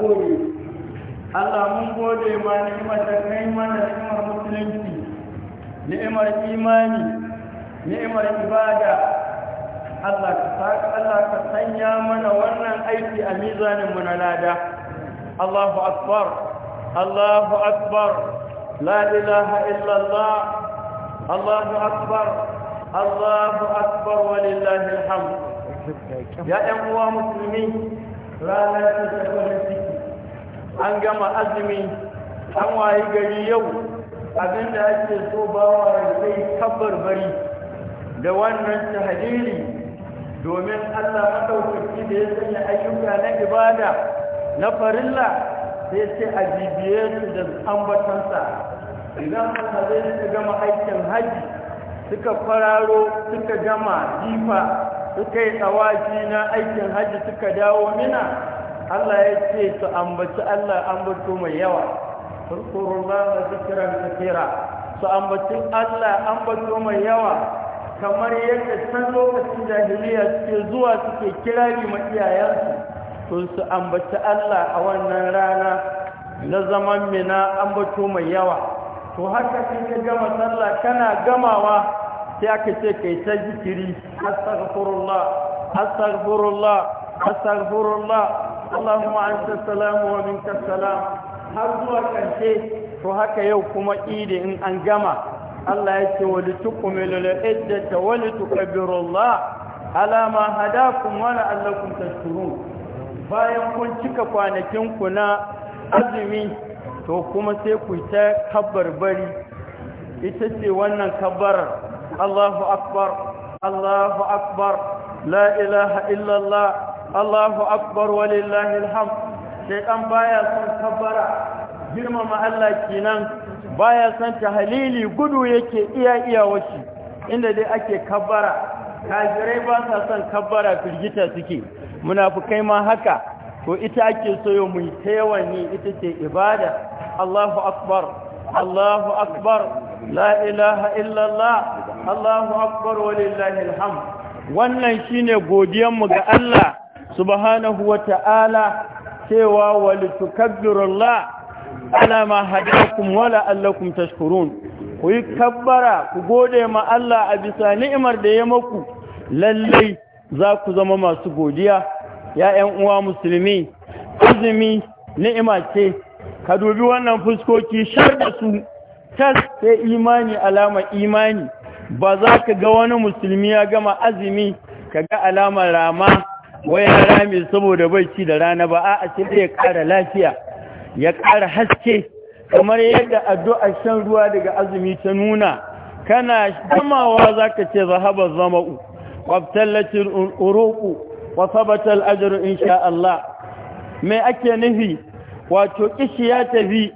gobe Allah mun gode ma ni'imar da kai mana ni'imar musulunci ni'imar imani ni'imar ibada Allah ka sanya mana wannan aiki a mizanin mu na lada Allahu akbar Allahu akbar la ilaha illa Allah Allahu akbar Allahu akbar walillahi alhamd ya ɗan uwa musulmi ranar ta tafi an gama azumi an wayi gari yau abinda ake so bawa sai bari. da wannan tahdiri domin Allah madaukaki da ya sanya ayyuka na ibada na farilla sai sai a bibiye su da ambatansa idan aka suka gama aikin haji suka fararo suka gama jifa suka yi tsawaci na aikin haji suka dawo mina Allah ya ce su ambaci Allah ambato mai yawa da zikiran kathira su ambaci Allah ambato mai yawa kamar yadda san lokacin jahiliya suke zuwa suke kirari ma iyayensu to su ambaci Allah a wannan rana na zaman mina ambato mai yawa to haka sai ka gama sallah kana gamawa sai aka ce kai ta zikiri astaghfirullah astaghfirullah astaghfirullah اللهم أنت السلام ومنك السلام har zuwa ƙarshe to haka yau kuma idi in an gama Allah ya ce wali tukumilu la iddata wali tukabbiru Allah ala ma hadakum wa la'allakum tashkurun bayan kun cika kwanakin ku na azumi to kuma sai ku ta bari. ita ce wannan kabbarar Allahu akbar Allahu akbar la ilaha illallah Allahu akbar walillahi alhamd shaytan baya son kabbara girmama Allah kenan baya son tahlili gudu yake iya iya washi inda dai ake kabbara kafirai ba sa son kabbara firgita suke munafukai ma haka to ita ake so yau mu ta yawan ita ce ibada Allahu akbar Allahu akbar la ilaha illallah Allahu akbar walillahi alhamd wannan shine mu ga Allah subhanahu wa ta'ala cewa walitukabbirulla ala ma hadakum wala allakum tashkurun ku yi kabbara ku gode ma Allah a bisa ni'imar da ya maku lallai za ku zama masu godiya ya uwa musulmi azumi ni'ima ce ka dubi wannan fuskoki shar da su tas sai imani alama imani ba za ka ga wani musulmi ya gama azumi ka ga alamar rama wai ya rami saboda bai ci da rana ba a sai ya ƙara lafiya ya ƙara haske kamar yadda addu'ar shan ruwa daga azumi ta nuna kana gamawa zaka ce zahaba zama'u wabtallatil uruqu wa sabata al insha Allah me ake nufi wato kishi ya tafi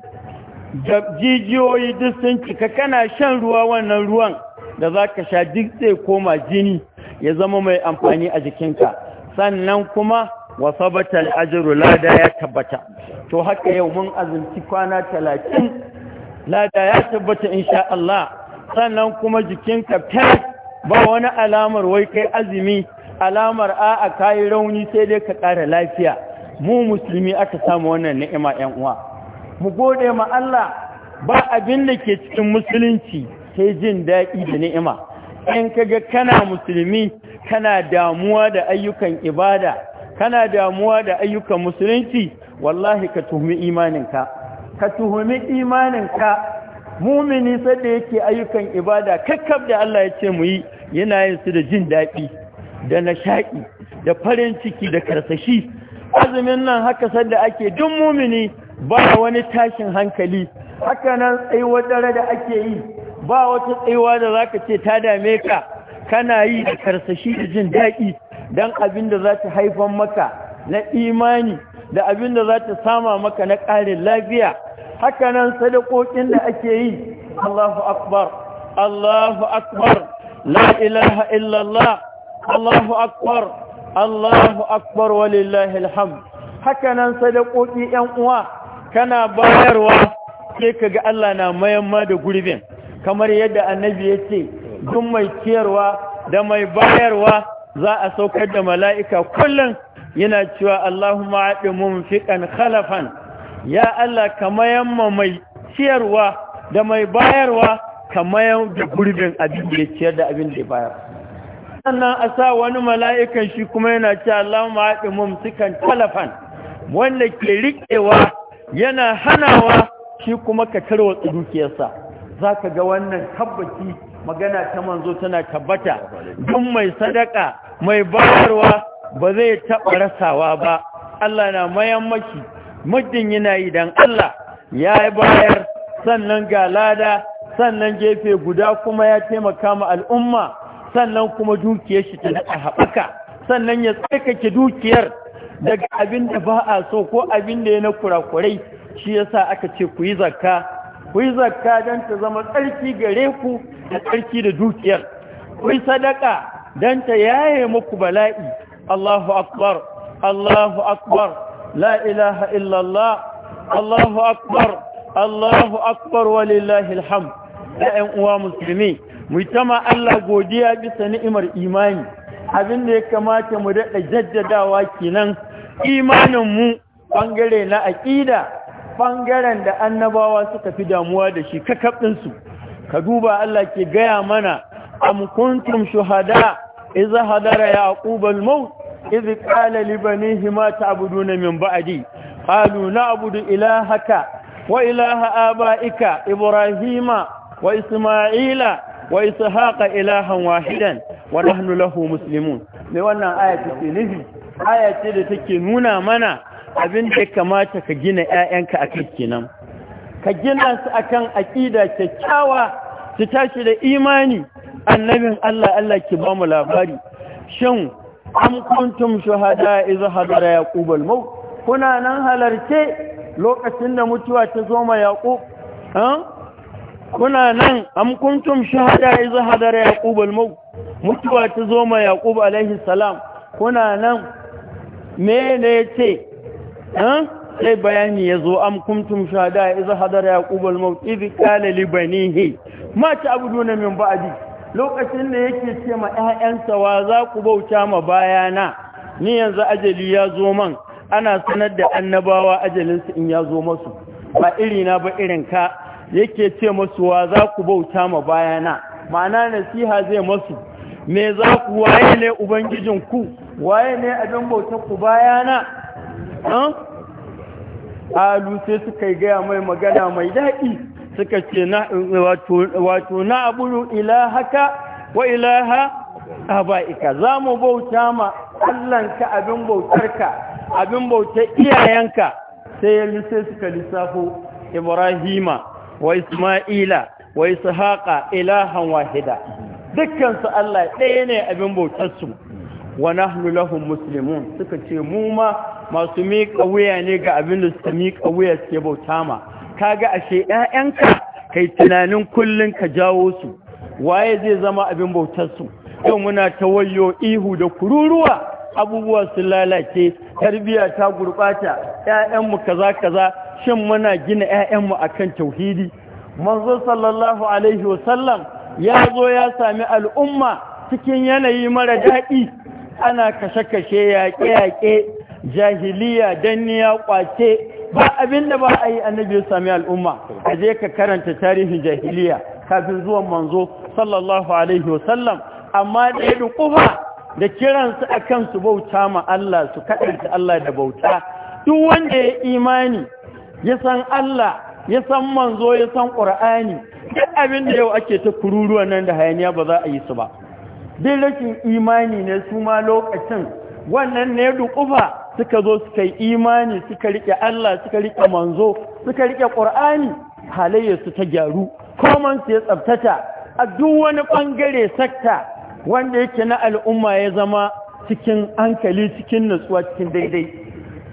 jijiyoyi duk sun cika kana shan ruwa wannan ruwan da zaka sha duk zai koma jini ya zama mai amfani a jikinka sannan kuma batal ajiru lada ya tabbata to haka yau mun azumci kwana talatin? lada ya tabbata insha Allah sannan kuma jikinka fes ba wani alamar wai kai azumi alamar A a kayi rauni sai dai ka ƙara lafiya mu musulmi aka samu wannan ni'ima 'yan uwa mu gode ma Allah ba abin da ke cikin musulunci sai jin daɗi da ni'ima in kaga kana musulmi kana damuwa da ayyukan ibada kana damuwa da ayyukan musulunci wallahi ka tuhumi imaninka ka tuhumi imaninka mumini sadda yake ayyukan ibada kakkab da Allah ya ce mu yi yana yin su da jin daɗi da nashaƙi da farin ciki da karsashi azumin nan haka sadda ake duk mumini ba wani tashin hankali haka nan tsaiwa dare da ake yi ba wata tsayuwa da za ka ce ta dame ka kana yi da karsashi da jin daɗi don abin da za ta haifan maka na imani da abin da za ta sama maka na ƙarin lafiya hakanan sadakokin da ake yi Allahu akbar Allahu akbar la ilaha illallah Allahu akbar Allahu akbar walillahi alhamd hakanan sadakoki yan uwa kana bayarwa sai kaga Allah na mayamma da gurbin kamar yadda annabi ya ce duk mai ciyarwa da mai bayarwa za a saukar da mala'ika kullum yana cewa Allahumma haɗe mun fiƙan khalafan ya Allah yamma mai ciyarwa da mai bayarwa kamayan da gurbin abin da ya ciyar da abin da ya bayar sannan a sa wani mala'ikan shi kuma yana ce, Allahumma haɗe mun fiƙan khalafan wanda ke riƙewa yana hanawa shi kuma ka tarwatsa dukiyarsa za ka ga wannan tabbaki magana ta manzo tana tabbata duk mai sadaka mai bayarwa ba zai taɓa rasawa ba Allah na mayan maki muddin yana yi dan Allah ya bayar sannan ga lada sannan gefe guda kuma ya taimaka ma al'umma sannan kuma dukiyar shi ta daɗa haɓaka sannan ya tsarkake dukiyar daga abin da ba a so ko abin da ya na kurakurai shi yasa aka ce ku yi zakka ku yi zakka don ta zama tsarki gare ku da tsarki da dukiyar ku yi sadaka don ta yaye muku bala'i Allahu akbar Allahu akbar la ilaha illallah Allahu akbar Allahu akbar walillahi alhamd ya uwa musulmi mu ta Allah godiya bisa ni'imar imani abin da ya kamata mu daɗa jaddadawa kenan imanin mu bangare na aƙida ɓangaren da annabawa suka fi damuwa da shi kakabinsu ka duba Allah ke gaya mana Amkuntun shuhada iza hadara yaqub al Izi iz qala li banihi ma ta'buduna min ba'di qalu na'budu ilahaka wa ilaha abaika ibrahima wa isma'ila wa ishaqa ilahan wahidan wa nahnu lahu muslimun ne wannan aya ce nufi aya ce da take nuna mana abin da kamata ka gina 'ya'yanka a kai kenan ka gina su akan aƙida kyakkyawa su tashi da imani annabin Allah Allah ki ba mu labari shin am kuntum shuhada iz hadara yaqub al maut kuna nan halarce lokacin da mutuwa ta zo ma yaqub kuna nan am kuntum shuhada iz hadara yaqub al maut mutuwa ta zo ma yaqub alaihi salam kuna nan me ne yace sai bayani ya zo am kuntum ya iza hadara yaqub al-maut idh qala li he ma abu nuna min ba'di lokacin da yake ce ma ƴaƴansa wa za ku bauta ma bayana ni yanzu ajali ya zo man ana sanar da annabawa ajalinsu in ya zo masu ba irina ba irin ka yake ce masu wa za ku bauta ma bayana ma'ana nasiha zai masu me za ku waye ne ubangijinku waye ne abin bautar ku bayana alu sai suka gaya mai magana mai daɗi suka ce wato na aburu ilahaka wa ilaha aba'ika za mu bauta ma allanka abin bautarka abin bautar iyayenka sai yanzu sai suka lissafo ibrahima wa isma'ila wa ishaqa ilahan wahida dukkansu allah ɗaya ne abin bautarsu wa nahnu lahum muslimun suka ce mu ma masu miƙa wuya ne ga abin da suka miƙa wuya suke bauta ma Ka kaga ashe ƴaƴanka kai tunanin kullun ka jawo su waye zai zama abin bautar su yau muna ta wayo ihu da kururuwa abubuwa sun lalace tarbiyya ta gurɓata ƴaƴanmu kaza kaza shin muna gina ƴaƴanmu akan tauhidi manzo sallallahu alaihi wasallam ya zo ya sami al'umma cikin yanayi mara daɗi ana kashe-kashe yaƙe-yaƙe jahiliya danniya kwace ba abin ba a yi annabi sami al'umma aje je ka karanta tarihin jahiliya kafin zuwan manzo sallallahu alaihi wasallam amma da ya dukufa da kiransu a su bauta ma Allah su kaɗanta Allah da bauta duk wanda ya imani ya san Allah ya san manzo ya san ƙur'ani duk abin da yau ake ta kururuwa nan da hayaniya ba za a yi su ba duk rashin imani ne su ma lokacin wannan ne dukufa suka zo suka yi imani suka rike Allah suka rike manzo suka rike Qur'ani halayyarsu ta gyaru koman su ya tsabtata a duk wani bangare sakta wanda yake na al'umma ya zama cikin hankali cikin nutsuwa cikin daidai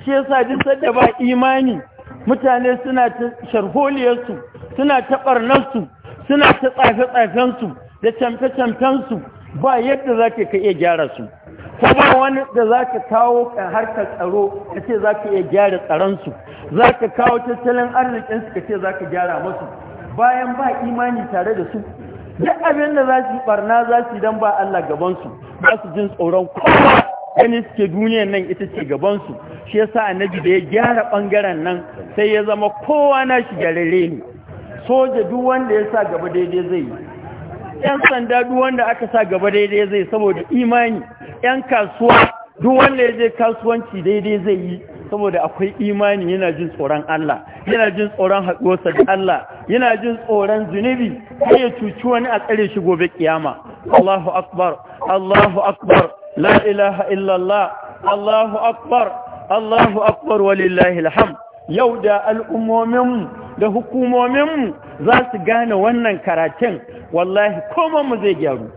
shi yasa duk sadda ba imani mutane suna ta sharholiyarsu suna ta su suna ta tsafe-tsafensu da camfe-camfensu ba yadda za ka iya gyara su ba wani da za ka kawo harkar tsaro ka ce za ka iya gyara tsaronsu za ka kawo tattalin arzikinsu ka ce za ka gyara masu bayan ba imani tare da su duk abin da za su barna za su dan ba Allah gabansu ba su jin tsoron kowa gani suke duniyan nan ita ce gabansu shi yasa annabi da ya gyara bangaren nan sai ya zama kowa na shi gyararre ne soja duk wanda ya sa gaba daidai zai yi yan sanda duk wanda aka sa gaba daidai zai saboda imani 'yan kasuwa duk wanda ya je kasuwanci daidai zai yi saboda akwai imani yana jin tsoron Allah yana jin tsoron haɗuwarsa da Allah yana jin tsoron zunubi sai ya cuci wani a tsare shi gobe kiyama Allahu akbar Allahu akbar la ilaha illallah Allahu akbar Allahu akbar walillahi alhamd yau da al'ummominmu da hukumominmu za su gane wannan karatun wallahi koma mu zai gyaru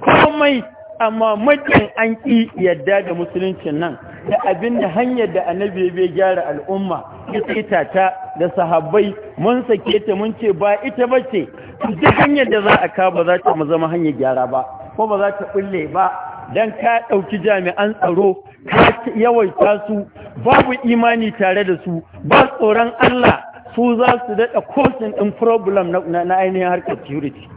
komai amma makin an ƙi yadda da musuluncin nan da abin da hanyar da annabi bai gyara al'umma ita ta da sahabbai mun sake ta mun ce ba ita ba ce duk hanyar da za a ka ba za ta mu zama hanyar gyara ba ko ba za ta bulle ba dan ka ɗauki jami'an tsaro ka yawaita su babu imani tare da su ba tsoron Allah su za su daɗa kosin ɗin problem na ainihin harkar security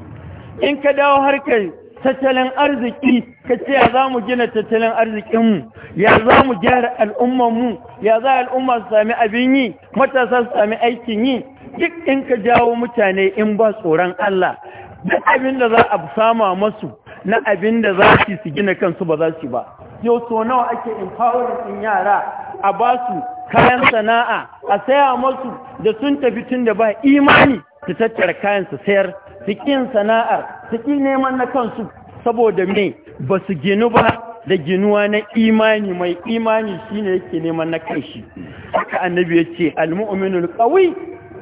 in ka dawo harkar tattalin arziki ka ce ya za mu gina tattalin arzikinmu ya za mu gyara al'ummanmu ya za al'umma su sami abin yi matasa su sami aikin yi duk in ka jawo mutane in ba tsoron Allah duk abin da za a sama masu na abin da za su su gina kansu ba za su ba yau so nawa ake empowering din yara a ba su kayan sana'a a saya masu da sun tafi tun da ba imani su tattara kayan su sayar su ƙin sana'ar su neman na kansu saboda me ba su ginu ba da ginuwa na imani mai imani shine yake neman na kanshi haka annabi ya ce almu'minul qawi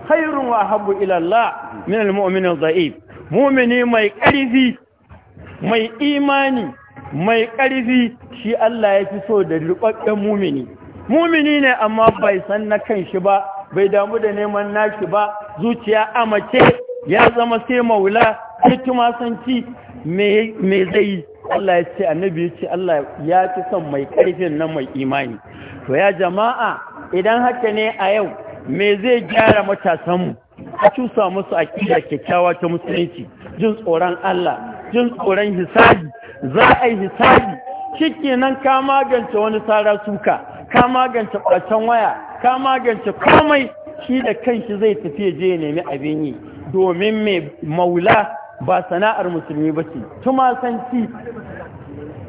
khairun wa habbu ila Allah min almu'minul dha'if mu'mini mai ƙarfi mai imani mai ƙarfi shi Allah ya fi so da riƙaƙƙen mumini mumini ne amma bai san na kanshi ba bai damu da neman nashi ba zuciya amace ya zama sai maula sai tumasanci me zai yi Allah ya ce annabi ya ce Allah ya fi son mai karfin nan mai imani to ya jama'a idan haka ne a yau me zai gyara matasanmu a cusa musu aƙida kyakkyawa ta musulunci jin tsoron Allah jin tsoron hisabi za a yi hisabi shike nan ka magance wani sara suka ka magance ƙwacen waya ka magance komai shi da kanshi zai tafi je ya nemi abin yi domin mai maula ba sana'ar musulmi ba ce tumasanci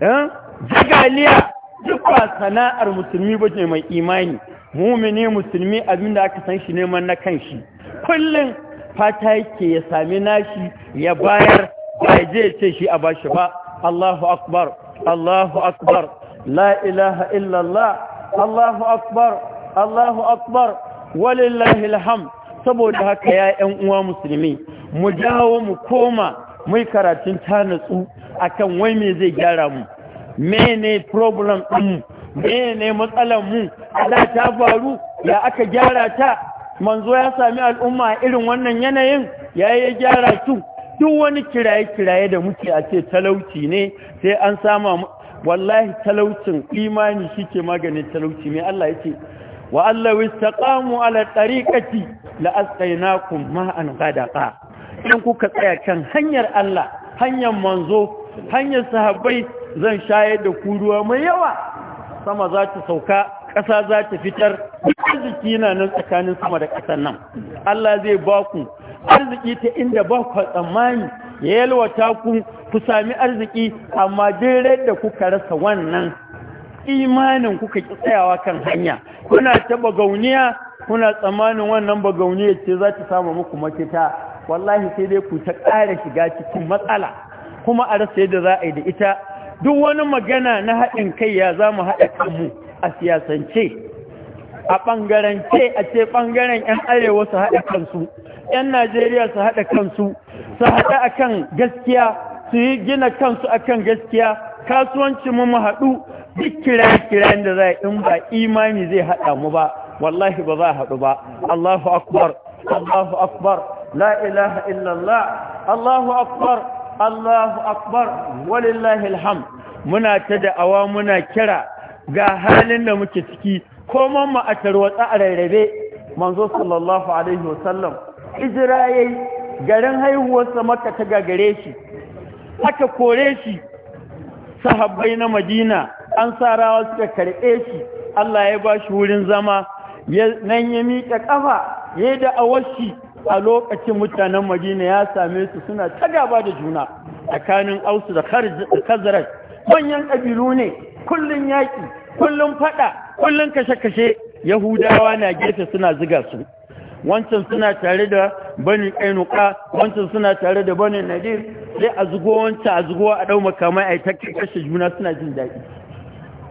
eh? jigaliya duk ba sana'ar musulmi ba ce mai imani mumini musulmi abinda aka san shi neman na kanshi kullum fata yake ya sami nashi ya bayar ba je ce shi a bashi ba Allahu akbar Allahu akbar la ilaha illallah Allahu akbar Allahu akbar walillahi alhamd saboda haka ya ‘yan uwa musulmi mu dawo mu koma mai karatun ta natsu akan wai me zai gyara mu mene problem ɗinmu mene matsalar mu ala ta faru ya aka gyara ta manzo ya sami al'umma irin wannan yanayin ya yi gyara su duk wani kiraye-kiraye da muke a ce talauci ne sai an sama wallahi talaucin imani shi ke maganin talauci mai Allah ya ce wa allaw istaqamu ala tariqati la asqaynakum ma'an ghadaqa in kuka tsaya kan hanyar Allah hanyar manzo hanyar sahabbai zan shayar da ku ruwa mai yawa sama za ta sauka ƙasa za ta fitar arziki na nan tsakanin sama da ƙasar nan Allah zai ba ku arziki ta inda ba ku tsammani ya yalwata ku ku sami arziki amma dai da kuka rasa wannan imanin kuka ki tsayawa kan hanya kuna ta bagauniya kuna tsammanin wannan bagauniya ce za ta samu muku mafita wallahi sai dai ku ta ƙara shiga cikin matsala kuma a rasa yadda za a yi da ita duk wani magana na haɗin kai ya za mu haɗa kanmu a siyasance a ɓangarance a ce ɓangaren 'yan arewa su haɗa kansu 'yan najeriya su haɗa kansu su haɗa akan gaskiya su yi gina kansu akan gaskiya kasuwanci mu mu haɗu duk kira-kiran da za in ba imani zai haɗa mu ba wallahi ba za a haɗu ba Allahu akbar Allahu akbar la ilaha illallah Allahu akbar Allahu akbar walillahi alham muna ta da'awa muna kira ga halin da muke ciki koman mu a tarwatsa a rarrabe manzo sallallahu alaihi wasallam hijira yayi garin haihuwarsa makka ta gagare shi aka kore shi sahabbai na madina An sarawa suka karɓe shi Allah ya ba shi wurin zama nan ya miƙa ƙafa ya yi awashi. a lokacin mutanen madina ya same su suna ta gaba da juna tsakanin ausu da kazarar manyan ƙabilu ne kullum yaƙi kullum faɗa kullum kashe-kashe yahudawa na gefe suna ziga su wancan suna tare da bani ƙainuka wancan suna tare da bani nadir sai a zugo wancan a zugo a ɗau makamai a ta kashe juna suna jin daɗi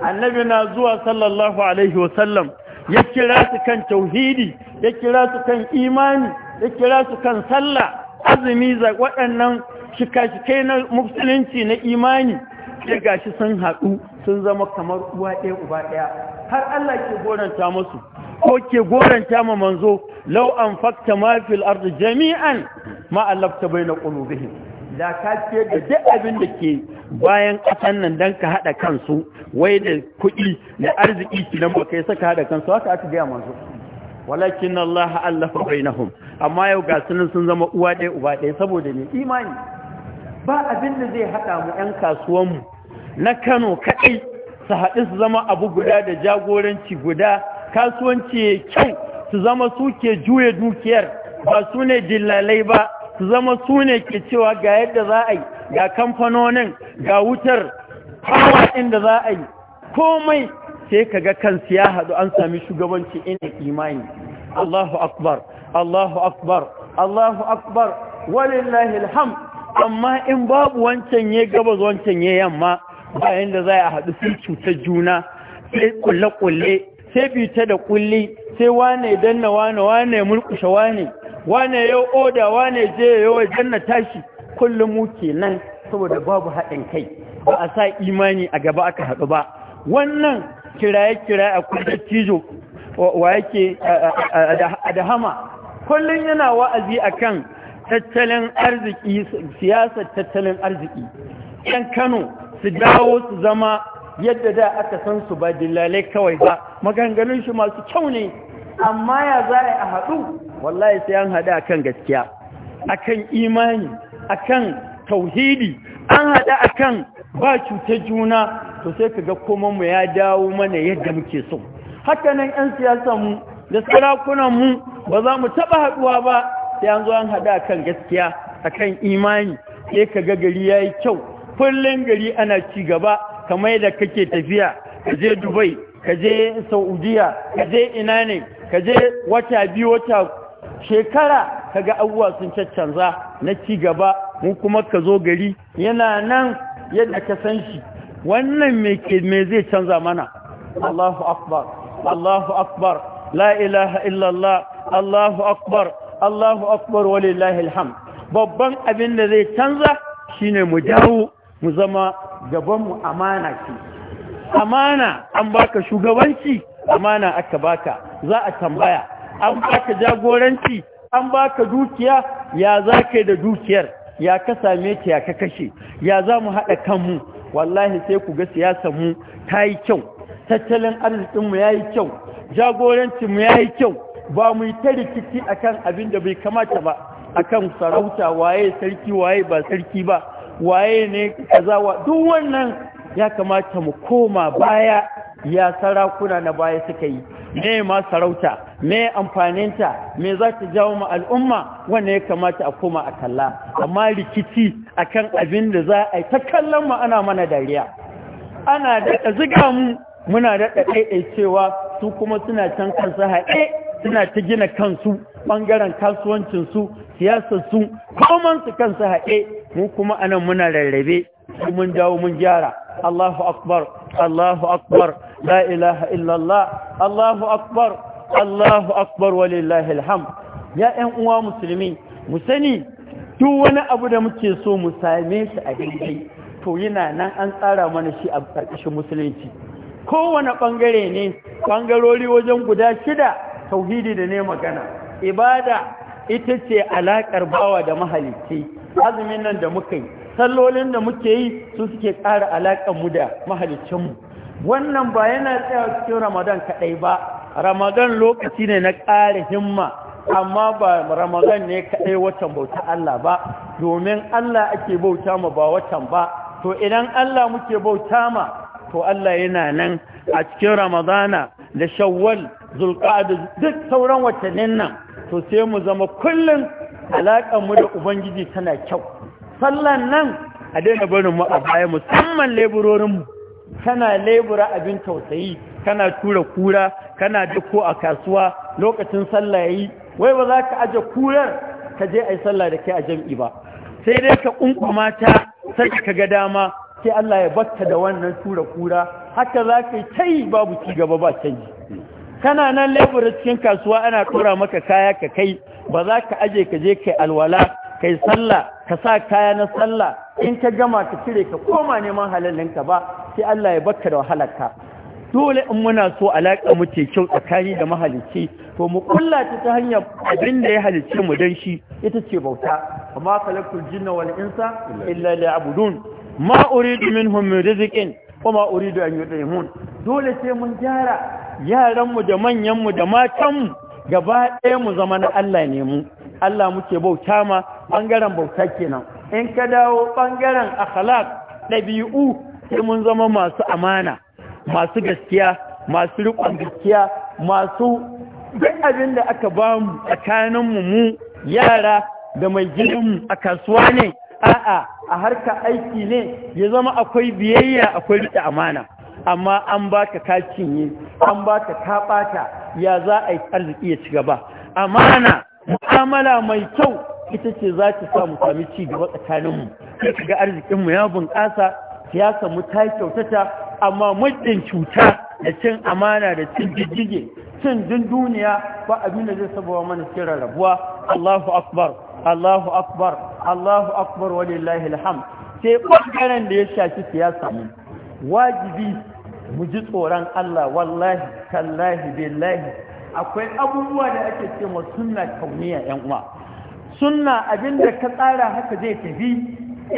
annabi na zuwa sallallahu alaihi wasallam ya kira su kan tauhidi ya kira su kan imani ya kira su kan sallah azumi za waɗannan shika-shikai na musulunci na imani ya gashi sun haɗu sun zama kamar uwa ɗaya uba ɗaya har Allah ke goranta musu ko ke goranta ma manzo lau'an an fakta ma fil ardi jami'an ma allafta baina qulubihim da ka ce da duk abin da ke bayan ƙasan nan don ka haɗa kansu wai da kuɗi da arziki kinan ba kai saka haɗa kansu haka aka gaya manzo walakin Allah na amma yau ga sunan sun zama uwa ɗaya uba ɗaya saboda ne imani ba abin da zai haɗa mu ƴan kasuwanmu na Kano kaɗai su haɗu su zama abu guda da jagoranci guda kasuwanci kyau su zama suke juya dukiyar ba su ne dillalai ba su zama su ne ke cewa ga yadda za a yi ga kamfanonin ga wutar hawa inda za a yi komai sai ka ga kansu ya haɗu an sami shugabanci ina imani Allahu akbar Allahu akbar Allahu akbar walillahi alham amma in babu wancan ya gabas wancan ya yamma bayan da za a haɗu sun cutar juna sai kulle-kulle sai bita da kulli sai wane danna wane wane mulkushe wane wane ya oda wane je yi janna tashi kullum mu kenan saboda babu haɗin kai ba a sa imani a gaba aka haɗu ba wannan kiraye-kiraye a kudin tijo wa yake da hama kullum yana wa'azi a kan tattalin arziki siyasar tattalin arziki yan kano su dawo su zama yadda da aka san su ba dillalai kawai ba maganganun shi masu kyau ne amma ya za a haɗu wallahi sai an hada akan gaskiya akan imani akan tauhidi an hada akan ba cutar juna to sai kaga komai mu ya dawo mana yadda muke so haka nan yan siyasar mu da sarakunan mu ba za mu taba haduwa ba sai an zo an hada akan gaskiya akan imani sai kaga gari yayi kyau kullun gari ana ci gaba kamar da kake tafiya kaje Dubai kaje Saudiya kaje ina ne kaje je wata biyu wata shekara kaga abubuwa sun caccanza na ci gaba mu kuma ka zo gari yana nan yadda ka san shi wannan me zai canza mana Allahu akbar Allahu akbar la ilaha illallah Allahu akbar Allahu akbar walillahi alham babban abin da zai canza shine mu dawo mu zama gaban mu amana ce amana an baka shugabanci amana aka baka za a tambaya an baka jagoranci an baka dukiya ya za ka da dukiyar ya ka same ta ya ka kashe ya za mu haɗa kanmu wallahi sai ku ga siyasarmu ta yi kyau tattalin arzikinmu ya yi kyau jagorancinmu ya yi kyau ba mu yi ta rikici a kan abin da bai kamata ba A kan sarauta waye sarki waye ba sarki ba waye ne kaza wa duk wannan ya kamata mu koma baya ya sarakuna na baya suka yi me ma sarauta me amfaninta me za ta jawo ma al'umma wanda ya kamata a koma a kalla amma rikici akan abin da za a yi ta kallon mu ana mana dariya ana da ziga mu muna da ɗaiɗai cewa su kuma suna can kansu haɗe suna ta gina kansu ɓangaren kasuwancinsu siyasarsu komansu kansu haɗe mu kuma anan muna rarrabe mun dawo mun gyara Allahu akbar Allahu akbar la ilaha illallah Allahu akbar Allahu akbar walillahi alham ya ƴan uwa musulmi mu sani duk wani abu da muke so mu same shi a daidai to yana nan an tsara mana shi a ƙarƙashin musulunci kowane ɓangare ne ɓangarori wajen guda shida tauhidi da ne magana ibada ita ce alaƙar bawa da mahalicci azumin nan da muka yi sallolin da muke yi su suke ƙara alaƙar mu da mu wannan ba yana tsaya cikin ramadan kaɗai ba ramadan lokaci ne na ƙara himma amma ba ramadan ne kaɗai watan bauta Allah ba domin Allah ake bauta ma ba watan ba to idan Allah muke bauta ma to Allah yana nan a cikin ramadana da shawwal zulqa'ada duk sauran watannin nan to sai mu zama kullum alaƙar mu da ubangiji tana kyau sallan nan a daina barin mu a baya musamman mu kana lebura abin tausayi kana tura kura kana duko a kasuwa lokacin sallah yayi wai ba za ka aje kurar ka je ai sallah da kai a jam'i ba sai dai ka kunkuma mata sai ka ga dama sai Allah ya batta da wannan tura kura haka za ka yi tai babu ci gaba ba canji kana nan lebura cikin kasuwa ana tura maka kaya ka kai ba za ka aje ka je kai alwala kai sallah ka sa kaya na sallah in ka gama ka cire ka koma neman halallinka ba sai Allah ya baka da wahalarka dole in muna so alaƙa mu ce kyau tsakani da mahalicci to mu kulla ta ta hanyar abin da ya halicce mu dan shi ita ce bauta amma kalakul jinna wal insa illa abudun ma uridu minhum min rizqin wa ma uridu an yudhimun dole sai mun gyara yaran mu da manyan mu da matan mu gaba ɗaya mu zama na Allah ne mu Allah muke bauta ma ɓangaren bauta kenan in ka dawo ɓangaren akhlaq ɗabi'u sai mun zama masu amana masu gaskiya masu riƙon gaskiya masu duk abin da aka ba mu tsakaninmu mu yara da mai gidanmu a kasuwa ne a'a a harka aiki ne ya zama akwai biyayya akwai riƙe amana amma an baka ka cinye an baka ka ɓata ya za a yi arziki ya ci gaba amana mu'amala mai kyau ita ce za ta sa mu sami ci gaba tsakaninmu sai ga arzikinmu ya bunƙasa siyasa mu ta kyautata amma muddin cuta da cin amana da cin jijjige cin duniya. ba abin da zai sabawa mana cikin rabuwa? Allahu akbar Allahu akbar Allahu akbar walillahi alhamd sai ɓangaren da ya shafi siyasa mu wajibi mu ji tsoron Allah wallahi tallahi billahi akwai abubuwa da ake ce ma sunna kauniya yan uwa sunna da ka tsara haka zai tafi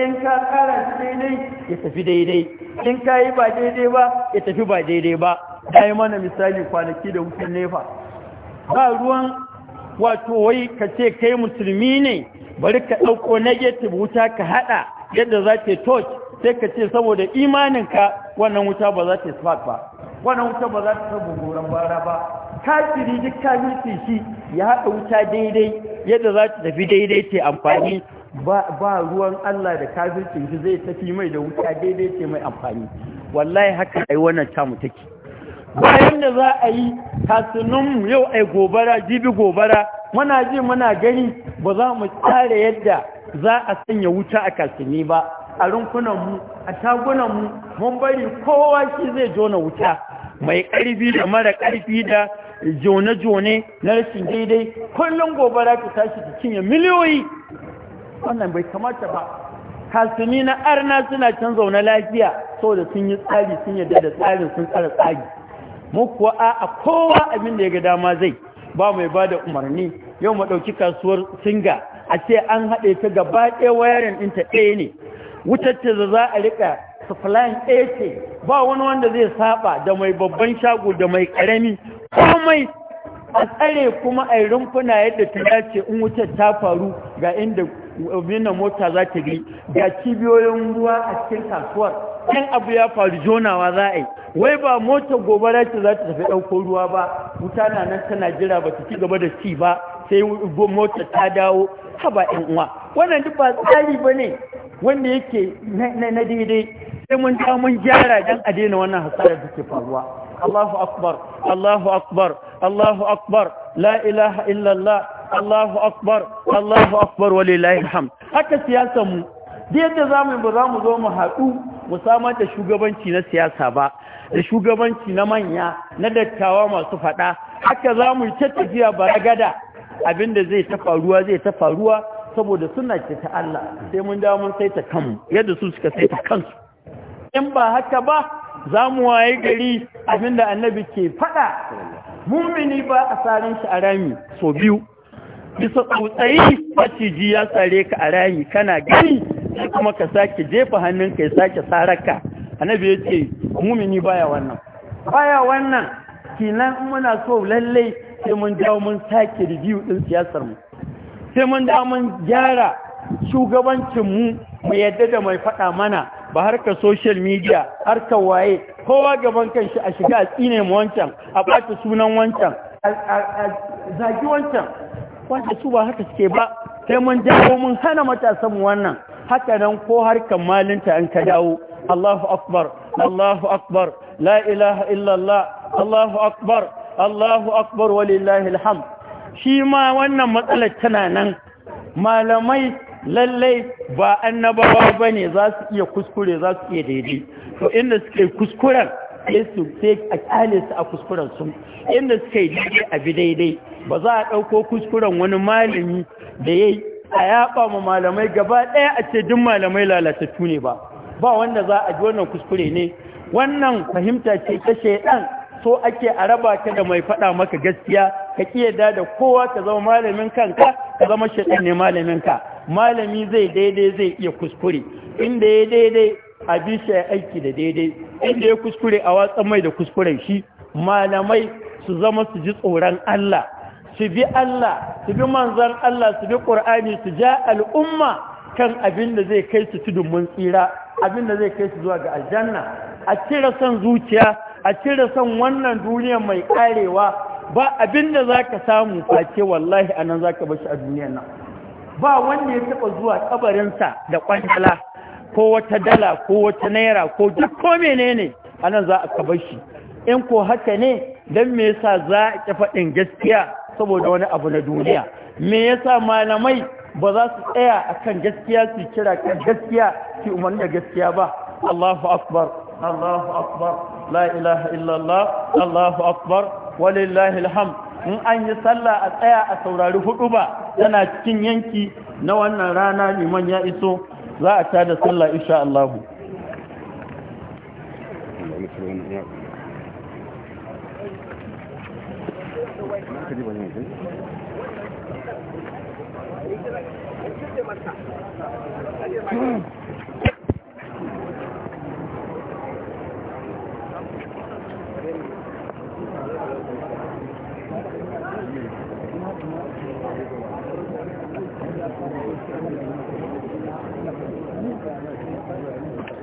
in ka tsara shi daidai ya tafi daidai in ka yi ba daidai ba ya tafi ba daidai ba ta yi mana misali kwanaki da wutan nefa ba ruwan wato wai ka ce kai musulmi ne bari ka ɗauko negative wuta ka haɗa yadda za ta torch sai ka ce saboda imaninka wannan wuta ba za ta spark ba wannan wuta ba za ta sabo goran bara ba kafiri duk kafirci shi ya haɗa wuta daidai yadda za ta tafi daidai ce amfani ba ruwan Allah da kafircin shi zai tafi mai da wuta daidai ce mai amfani wallahi haka ai wannan tamu take bayan da za a yi tasininmu yau ai gobara jibi gobara muna ji muna gani ba za mu tsare yadda za a sanya wuta a kasini ba a mu, a mu, mun bari kowa shi zai jona wuta mai ƙarfi da mara ƙarfi da jone-jone na rashin daidai kullum gobara ta tashi ta cinye miliyoyi wannan bai kamata ba kasini na arna suna can zaune lafiya saboda sun yi tsari sun yadda da tsarin sun tsara tsari mu kuwa a kowa abin da ya ga dama zai ba mai ba da umarni yau mu ɗauki kasuwar singa a ce an haɗe ta gaba ɗaya wayarin ɗinta ɗaya ne wutar ce za a riƙa supplying ɗaya ce ba wani wanda zai saba da mai babban shago da mai ƙarami komai a tsare kuma a rumfuna yadda ta dace in wutar ta faru ga inda wannan mota za ta bi ga cibiyoyin ruwa a cikin kasuwar ɗan abu ya faru jonawa za a yi wai ba motar gobara ce za ta tafi ɗauko ruwa ba wuta na nan tana jira ba ta ci gaba da ci ba sai mota ta dawo haba ɗan uwa wannan duk ba tsari ba ne wanda yake na daidai sai mun ja mun gyara dan a daina wannan hasara da faruwa Allahu akbar Allahu akbar Allahu akbar la ilaha illallah Allahu akbar Allahu akbar walillahi alhamd haka siyasar mu da yadda ba za mu zo mu haɗu mu samar da shugabanci na siyasa ba da shugabanci na manya na dattawa masu faɗa haka za mu yi ta tafiya gada. Abin da zai ta faruwa zai ta faruwa saboda suna ce ta Allah sai mun dawo mun saita kanmu yadda su suka saita kansu in ba haka ba za mu waye gari abinda annabi ke faɗa mumini ba a sarin shi a rami so biyu bisa tsautsayi ji ya tsare ka a rami kana gani kuma ka sake jefa hannun ka ya sake saraka. annabi ya ce mumini baya wannan baya wannan kinan muna so lallai sai mun dawo mun sake review din siyasar mu sai mun dawo mun gyara shugabancin mu mu yadda da mai faɗa mana ba harkar social media harkar waye kowa gaban kanshi a shiga a tsine mu wancan a ɓata sunan wancan a zagi wancan wanda su ba haka suke ba sai mun dawo mun hana matasan mu wannan haka nan ko harkar malinta an ka dawo Allahu akbar Allahu akbar la ilaha illallah Allahu akbar Allahu akbar walillahi alhamd shi ma wannan matsalar tana nan malamai lallai ba annabawa bane za su iya kuskure za su iya daidai to inda suke kuskuren sai su sai a kyale su a kuskuren su inda suke daidai a bi daidai ba za a ɗauko kuskuren wani malami da yayi a yaba ma malamai gaba ɗaya a ce duk malamai lalatattu ne ba ba wanda za a ji wannan kuskure ne wannan fahimta ce ta shaidan so ake a raba ka da mai faɗa maka gaskiya ka kiyada da kowa ka zama malamin kanka ka zama shaɗin ne malamin ka malami zai daidai zai iya kuskure inda ya daidai a bisa ya aiki da daidai inda ya kuskure a watsa mai da kuskure shi malamai su zama su ji tsoron Allah su bi Allah su bi manzan Allah su bi Qur'ani su ja al'umma kan abin da zai kai su tudun mun tsira abin da zai kai su zuwa ga aljanna a cire son zuciya a cire son wannan duniyar mai karewa ba abinda da za ka samu fake wallahi a nan za ka bashi a duniyar nan ba wanda ya taɓa zuwa kabarinsa da kwanjala ko wata dala ko wata naira ko duk ko menene a nan za a ka bashi in ko haka ne don me yasa za a ƙi faɗin gaskiya saboda wani abu na duniya me yasa malamai ba za su tsaya a kan gaskiya su kira kan gaskiya su umarni da gaskiya ba Allahu akbar Allahu akbar la ilaha Allahu akbar walillahi alhamd in an yi sallah a tsaya a saurari hudu ba yana cikin yanki na wannan rana liman ya iso za a tada sallah insha Allah Thank you.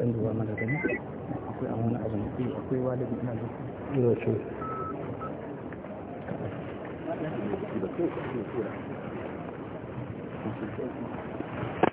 dan duba mana gani akwai a wani abu ne akwai walibi ina da yau ce